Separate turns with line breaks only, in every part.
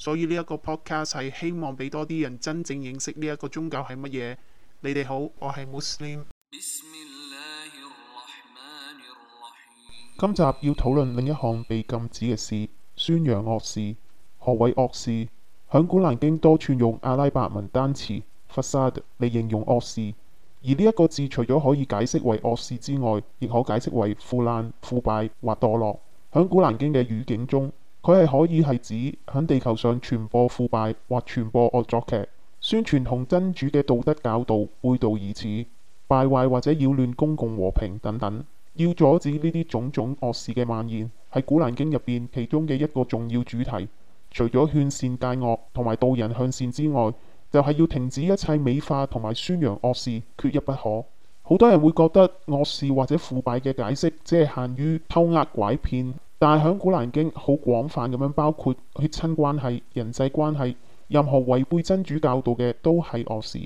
所以呢一個 podcast 係希望俾多啲人真正認識呢一個宗教係乜嘢。你哋好，我係 Muslim，今集要討論另一項被禁止嘅事：宣揚惡事。何謂惡事？響古蘭經多處用阿拉伯文單詞 fasad 嚟形容惡事，而呢一個字除咗可以解釋為惡事之外，亦可解釋為腐爛、腐敗或墮落。響古蘭經嘅語境中。佢係可以係指喺地球上傳播腐敗或傳播惡作劇、宣傳同真主嘅道德教導背道而馳、敗壞或者擾亂公共和平等等。要阻止呢啲種種惡事嘅蔓延，喺古蘭經入邊，其中嘅一個重要主題，除咗勸善戒惡同埋導人向善之外，就係要停止一切美化同埋宣揚惡事，缺一不可。好多人會覺得惡事或者腐敗嘅解釋，只係限於偷呃拐騙。但響《古蘭經》好廣泛咁樣包括血親關係、人際關係，任何違背真主教導嘅都係惡事。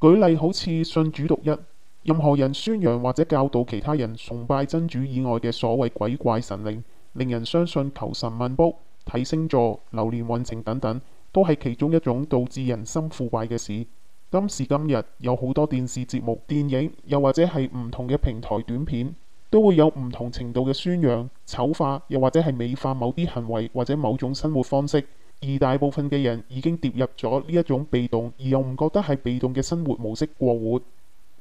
舉例好似信主獨一，任何人宣揚或者教導其他人崇拜真主以外嘅所謂鬼怪神靈，令人相信求神問卜、睇星座、流年運程等等，都係其中一種導致人心腐敗嘅事。今時今日有好多電視節目、電影，又或者係唔同嘅平台短片。都會有唔同程度嘅宣揚、醜化，又或者係美化某啲行為或者某種生活方式。而大部分嘅人已經跌入咗呢一種被動，而又唔覺得係被動嘅生活模式過活。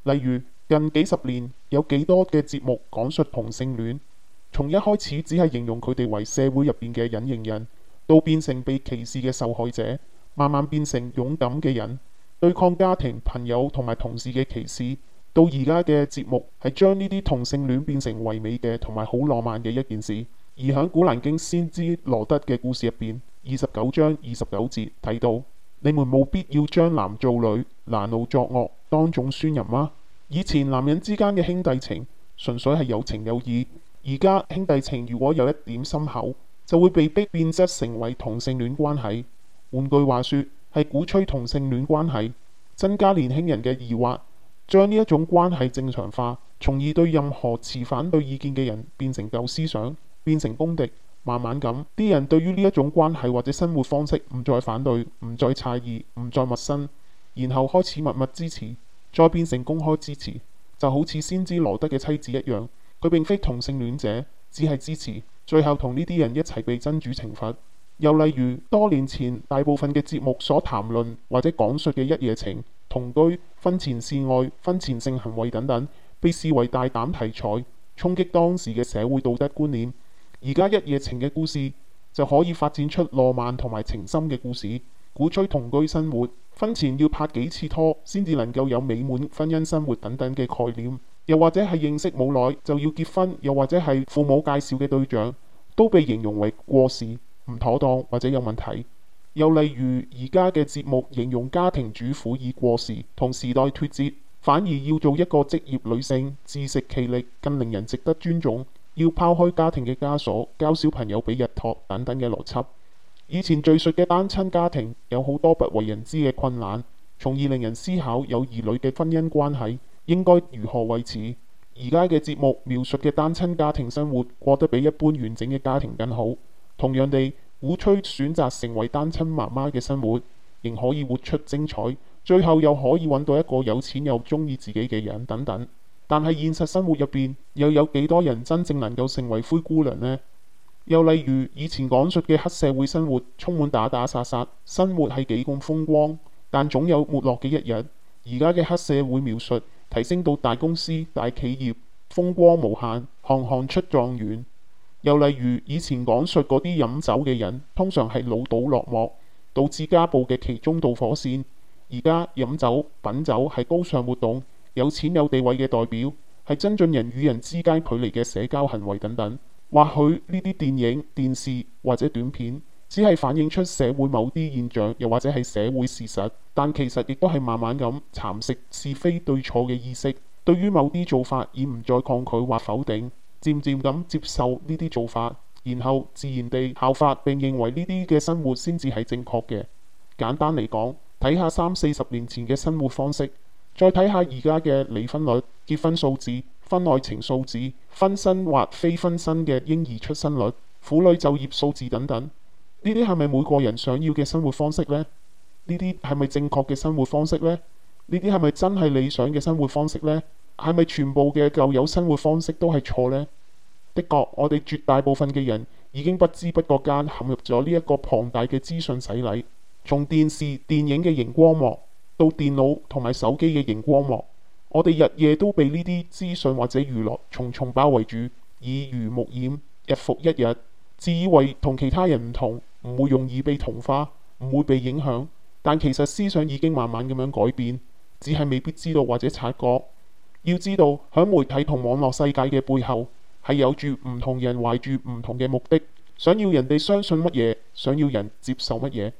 例如近幾十年有幾多嘅節目講述同性戀，從一開始只係形容佢哋為社會入邊嘅隱形人，到變成被歧視嘅受害者，慢慢變成勇敢嘅人，對抗家庭、朋友同埋同事嘅歧視。到而家嘅節目係將呢啲同性戀變成唯美嘅同埋好浪漫嘅一件事，而喺《古蘭經》先知羅德嘅故事入邊，二十九章二十九節提到：你們冇必要將男做女、攔路作惡當眾宣淫嗎？以前男人之間嘅兄弟情純粹係有情有義，而家兄弟情如果有一點深厚，就會被逼變質成為同性戀關係。換句話說，係鼓吹同性戀關係，增加年輕人嘅疑惑。將呢一種關係正常化，從而對任何持反對意見嘅人變成舊思想，變成公敵。慢慢咁，啲人對於呢一種關係或者生活方式唔再反對，唔再猜疑，唔再陌生，然後開始默默支持，再變成公開支持，就好似先知羅德嘅妻子一樣。佢並非同性戀者，只係支持，最後同呢啲人一齊被真主懲罰。又例如多年前大部分嘅節目所談論或者講述嘅一夜情。同居、婚前示愛、婚前性行為等等，被視為大膽題材，衝擊當時嘅社會道德觀念。而家一夜情嘅故事就可以發展出浪漫同埋情深嘅故事，鼓吹同居生活，婚前要拍幾次拖先至能夠有美滿婚姻生活等等嘅概念。又或者係認識冇耐就要結婚，又或者係父母介紹嘅對象，都被形容為過時、唔妥當或者有問題。又例如而家嘅節目形容家庭主婦已過時，同時代脱節，反而要做一個職業女性，自食其力，更令人值得尊重。要拋開家庭嘅枷鎖，交小朋友俾日托等等嘅邏輯。以前敘述嘅單親家庭有好多不為人知嘅困難，從而令人思考有兒女嘅婚姻關係應該如何維持。而家嘅節目描述嘅單親家庭生活過得比一般完整嘅家庭更好。同樣地。鼓吹選擇成為單親媽媽嘅生活，仍可以活出精彩，最後又可以搵到一個有錢又中意自己嘅人等等。但係現實生活入邊又有幾多人真正能夠成為灰姑娘呢？又例如以前講述嘅黑社會生活，充滿打打殺殺，生活係幾咁風光，但總有沒落嘅一日。而家嘅黑社會描述提升到大公司、大企業，風光無限，行行出狀元。又例如以前講述嗰啲飲酒嘅人，通常係潦倒落魄，導致家暴嘅其中導火線。而家飲酒、品酒係高尚活動，有錢有地位嘅代表係增進人與人之間距離嘅社交行為等等。或許呢啲電影、電視或者短片，只係反映出社會某啲現象，又或者係社會事實，但其實亦都係慢慢咁蠶食是非對錯嘅意識，對於某啲做法已唔再抗拒或否定。漸漸咁接受呢啲做法，然後自然地效法並認為呢啲嘅生活先至係正確嘅。簡單嚟講，睇下三四十年前嘅生活方式，再睇下而家嘅離婚率、結婚數字、婚外情數字、婚生或非婚生嘅嬰兒出生率、婦女就業數字等等，呢啲係咪每個人想要嘅生活方式呢？呢啲係咪正確嘅生活方式呢？呢啲係咪真係理想嘅生活方式呢？係咪全部嘅舊有生活方式都係錯呢？的確，我哋絕大部分嘅人已經不知不覺間陷入咗呢一個龐大嘅資訊洗禮。從電視、電影嘅熒光幕，到電腦同埋手機嘅熒光幕，我哋日夜都被呢啲資訊或者娛樂重重包圍住，耳濡目染，日復一日，自以為同其他人唔同，唔會容易被同化，唔會被影響。但其實思想已經慢慢咁樣改變，只係未必知道或者察覺。要知道，喺媒體同網絡世界嘅背後，係有住唔同人懷住唔同嘅目的，想要人哋相信乜嘢，想要人接受乜嘢，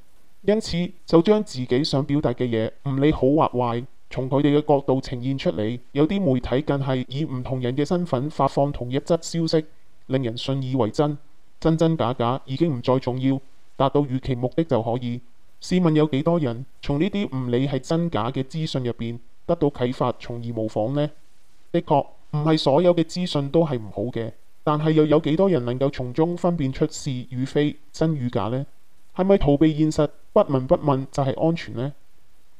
因此就將自己想表達嘅嘢，唔理好或壞，從佢哋嘅角度呈現出嚟。有啲媒體更係以唔同人嘅身份發放同一則消息，令人信以為真。真真假假已經唔再重要，達到預期目的就可以。試問有幾多人從呢啲唔理係真假嘅資訊入邊得到啟發，從而模仿呢？的確，唔係所有嘅資訊都係唔好嘅，但係又有幾多人能夠從中分辨出是與非、真與假呢？係咪逃避現實，不聞不問就係安全呢？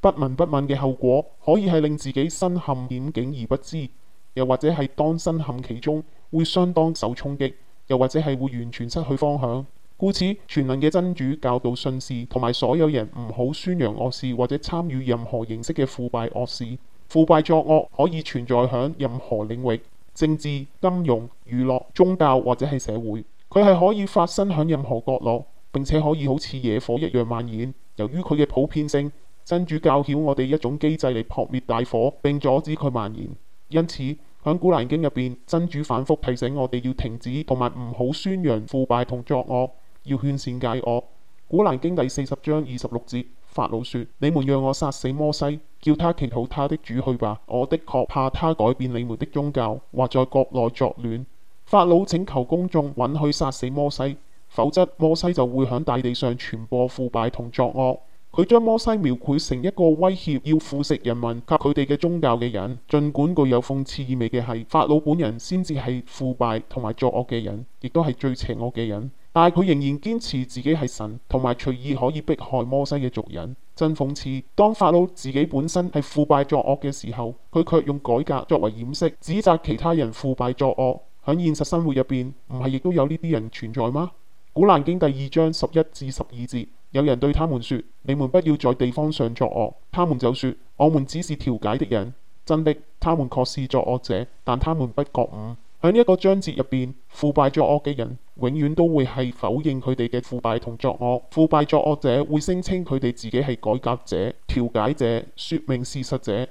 不聞不問嘅後果可以係令自己身陷險境而不知，又或者係當身陷其中會相當受衝擊，又或者係會完全失去方向。故此，全能嘅真主教導信士同埋所有人唔好宣揚惡事或者參與任何形式嘅腐敗惡事。腐敗作惡可以存在響任何領域，政治、金融、娛樂、宗教或者係社會，佢係可以發生響任何角落，並且可以好似野火一樣蔓延。由於佢嘅普遍性，真主教曉我哋一種機制嚟撲滅大火，并阻止佢蔓延。因此，響古蘭經入邊，真主反覆提醒我哋要停止同埋唔好宣揚腐敗同作惡。要勸善戒惡，《古蘭經》第四十章二十六節，法老說：你們讓我殺死摩西，叫他祈禱他的主去吧。我的確怕他改變你們的宗教，或在國內作亂。法老請求公眾允許殺死摩西，否則摩西就會響大地上傳播腐敗同作惡。佢將摩西描繪成一個威脅要腐蝕人民及佢哋嘅宗教嘅人。盡管具有諷刺意味嘅係，法老本人先至係腐敗同埋作惡嘅人，亦都係最邪惡嘅人。但係佢仍然堅持自己係神，同埋隨意可以迫害摩西嘅族人，真諷刺！當法老自己本身係腐敗作惡嘅時候，佢卻用改革作為掩飾，指責其他人腐敗作惡。喺現實生活入邊，唔係亦都有呢啲人存在嗎？古蘭經第二章十一至十二節，有人對他們說：你們不要在地方上作惡。他們就說：我們只是調解的人。真的，他們確是作惡者，但他們不覺悟。喺呢一個章節入邊，腐敗作惡嘅人永遠都會係否認佢哋嘅腐敗同作惡。腐敗作惡者會聲稱佢哋自己係改革者、調解者、説明事實者，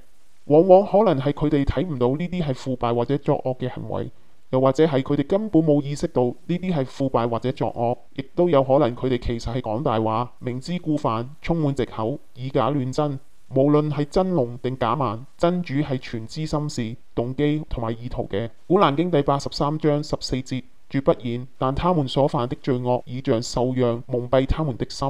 往往可能係佢哋睇唔到呢啲係腐敗或者作惡嘅行為，又或者係佢哋根本冇意識到呢啲係腐敗或者作惡，亦都有可能佢哋其實係講大話，明知故犯，充滿藉口，以假亂真。無論係真龍定假蠻，真主係全知心事、動機同埋意圖嘅。古蘭經第八十三章十四節，絕不然，但他們所犯的罪惡已像受讓蒙蔽他們的心。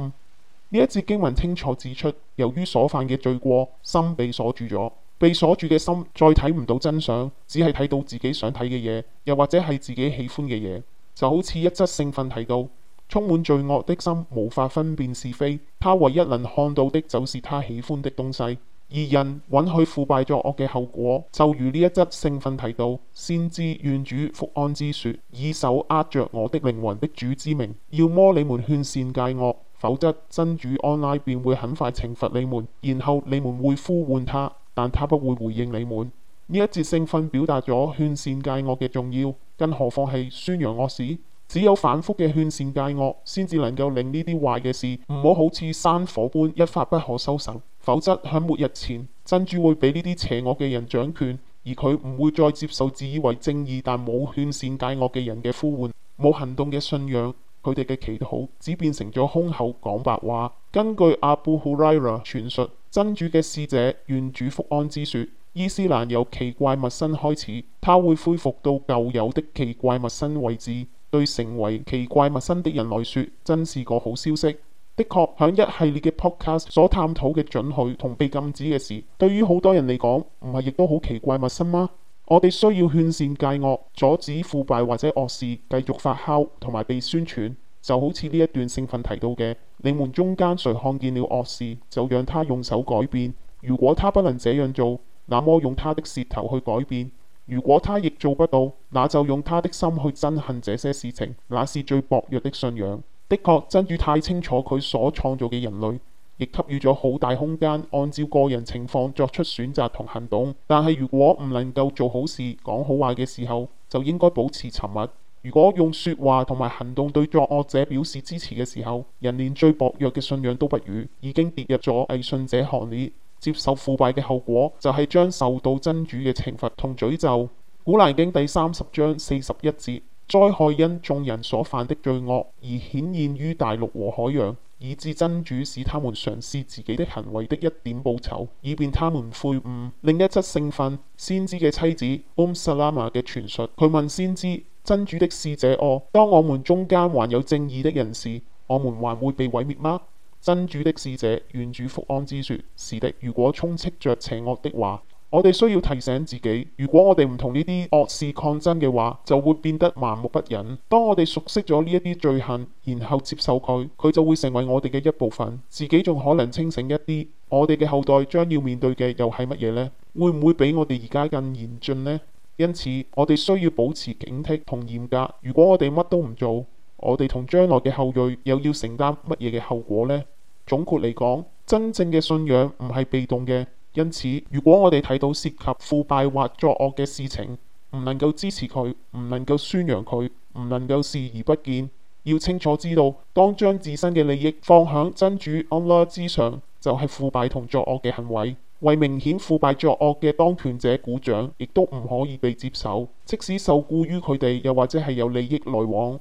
呢一節經文清楚指出，由於所犯嘅罪過，心被鎖住咗，被鎖住嘅心再睇唔到真相，只係睇到自己想睇嘅嘢，又或者係自己喜歡嘅嘢，就好似一則聖訓提到。充滿罪惡的心無法分辨是非，他唯一能看到的就是他喜歡的東西。而人允許腐敗作惡嘅後果，就如呢一則聖訓提到：先知願主福安之説，以手握着我的靈魂的主之名，要麼你們勸善戒惡，否則真主安拉便會很快懲罰你們，然後你們會呼喚他，但他不會回應你們。呢一節聖訓表達咗勸善戒惡嘅重要，更何況係宣揚惡事。只有反復嘅勸善戒惡，先至能夠令呢啲壞嘅事唔好好似山火般一發不可收手。否則喺末日前，真主會俾呢啲邪惡嘅人掌權，而佢唔會再接受自以為正義但冇勸善戒惡嘅人嘅呼喚。冇行動嘅信仰，佢哋嘅祈禱只變成咗空口講白話。根據阿布胡拉傳述，真主嘅使者願主福安之說，伊斯蘭由奇怪陌生開始，他會恢復到舊有的奇怪陌生位置。對成為奇怪陌生的人來說，真是個好消息。的確，響一系列嘅 podcast 所探討嘅准許同被禁止嘅事，對於好多人嚟講，唔係亦都好奇怪陌生嗎？我哋需要勸善戒惡，阻止腐敗或者惡事繼續發酵同埋被宣傳。就好似呢一段聖訓提到嘅：「你們中間誰看見了惡事，就讓他用手改變；如果他不能這樣做，那麼用他的舌頭去改變。」如果他亦做不到，那就用他的心去憎恨這些事情，那是最薄弱的信仰。的確，真主太清楚佢所創造嘅人類，亦給予咗好大空間，按照個人情況作出選擇同行動。但係如果唔能夠做好事、講好話嘅時候，就應該保持沉默。如果用說話同埋行動對作惡者表示支持嘅時候，人連最薄弱嘅信仰都不如，已經跌入咗偽信者行列。接受腐敗嘅後果，就係、是、將受到真主嘅懲罰同詛咒。古蘭經第三十章四十一節：災害因眾人所犯的罪惡而顯現於大陸和海洋，以致真主使他們嘗試自己的行為的一點報酬，以便他們悔悟。另一則聖訓，先知嘅妻子 Umm Salama 嘅傳述，佢問先知：真主的使者哦、啊，當我們中間還有正義的人時，我們還會被毀滅嗎？真主的使者願主福安之說：是的，如果充斥着邪惡的話，我哋需要提醒自己，如果我哋唔同呢啲惡事抗爭嘅話，就會變得麻木不仁。當我哋熟悉咗呢一啲罪行，然後接受佢，佢就會成為我哋嘅一部分，自己仲可能清醒一啲。我哋嘅後代將要面對嘅又係乜嘢呢？會唔會比我哋而家更嚴峻呢？因此，我哋需要保持警惕同嚴格。如果我哋乜都唔做，我哋同將來嘅後裔又要承擔乜嘢嘅後果呢？總括嚟講，真正嘅信仰唔係被動嘅。因此，如果我哋睇到涉及腐敗或作惡嘅事情，唔能夠支持佢，唔能夠宣揚佢，唔能夠視而不見。要清楚知道，當將自身嘅利益放響真主安拉之上，就係腐敗同作惡嘅行為。為明顯腐敗作惡嘅當權者鼓掌，亦都唔可以被接受，即使受雇於佢哋，又或者係有利益來往。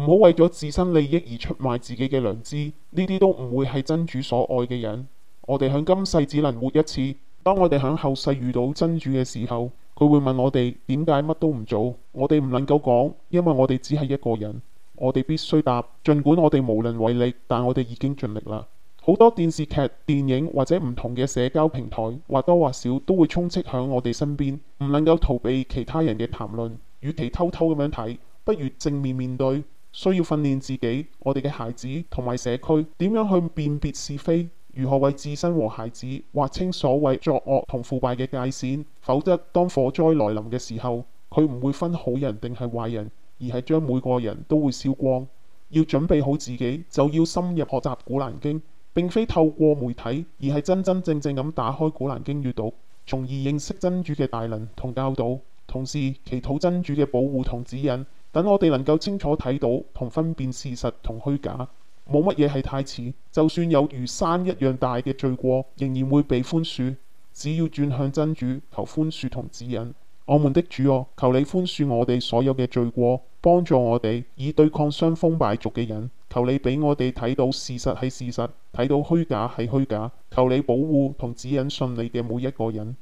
唔好為咗自身利益而出賣自己嘅良知，呢啲都唔會係真主所愛嘅人。我哋響今世只能活一次，當我哋響後世遇到真主嘅時候，佢會問我哋點解乜都唔做。我哋唔能夠講，因為我哋只係一個人。我哋必須答，盡管我哋無能為力，但我哋已經盡力啦。好多電視劇、電影或者唔同嘅社交平台，或多或少都會充斥響我哋身邊，唔能夠逃避其他人嘅談論。與其偷偷咁樣睇，不如正面面對。需要訓練自己，我哋嘅孩子同埋社區點樣去辨別是非，如何為自身和孩子劃清所謂作惡同腐敗嘅界線。否則，當火災來臨嘅時候，佢唔會分好人定係壞人，而係將每個人都會燒光。要準備好自己，就要深入學習古蘭經，並非透過媒體，而係真真正正咁打開古蘭經閱讀，從而認識真主嘅大能同教導，同時祈禱真主嘅保護同指引。等我哋能夠清楚睇到同分辨事實同虛假，冇乜嘢係太遲，就算有如山一樣大嘅罪過，仍然會被寬恕。只要轉向真主求寬恕同指引，我們的主哦、啊，求你寬恕我哋所有嘅罪過，幫助我哋以對抗傷風敗俗嘅人。求你俾我哋睇到事實係事實，睇到虛假係虛假。求你保護同指引信你嘅每一個人。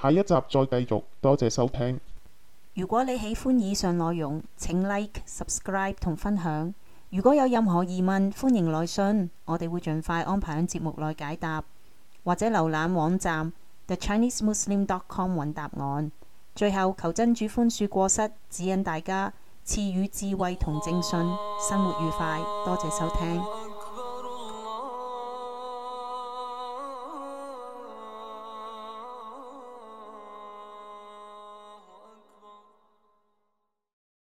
下一集再繼續，多謝收聽。如果你喜歡以上內容，請 like、subscribe 同分享。如果有任何疑問，歡迎來信，我哋會盡快安排喺節目內解答，或者瀏覽網站 thechinesemuslim.com dot 揾答案。最後，求真主寬恕過失，指引大家，賜予智慧同正信，生活愉快。多謝收聽。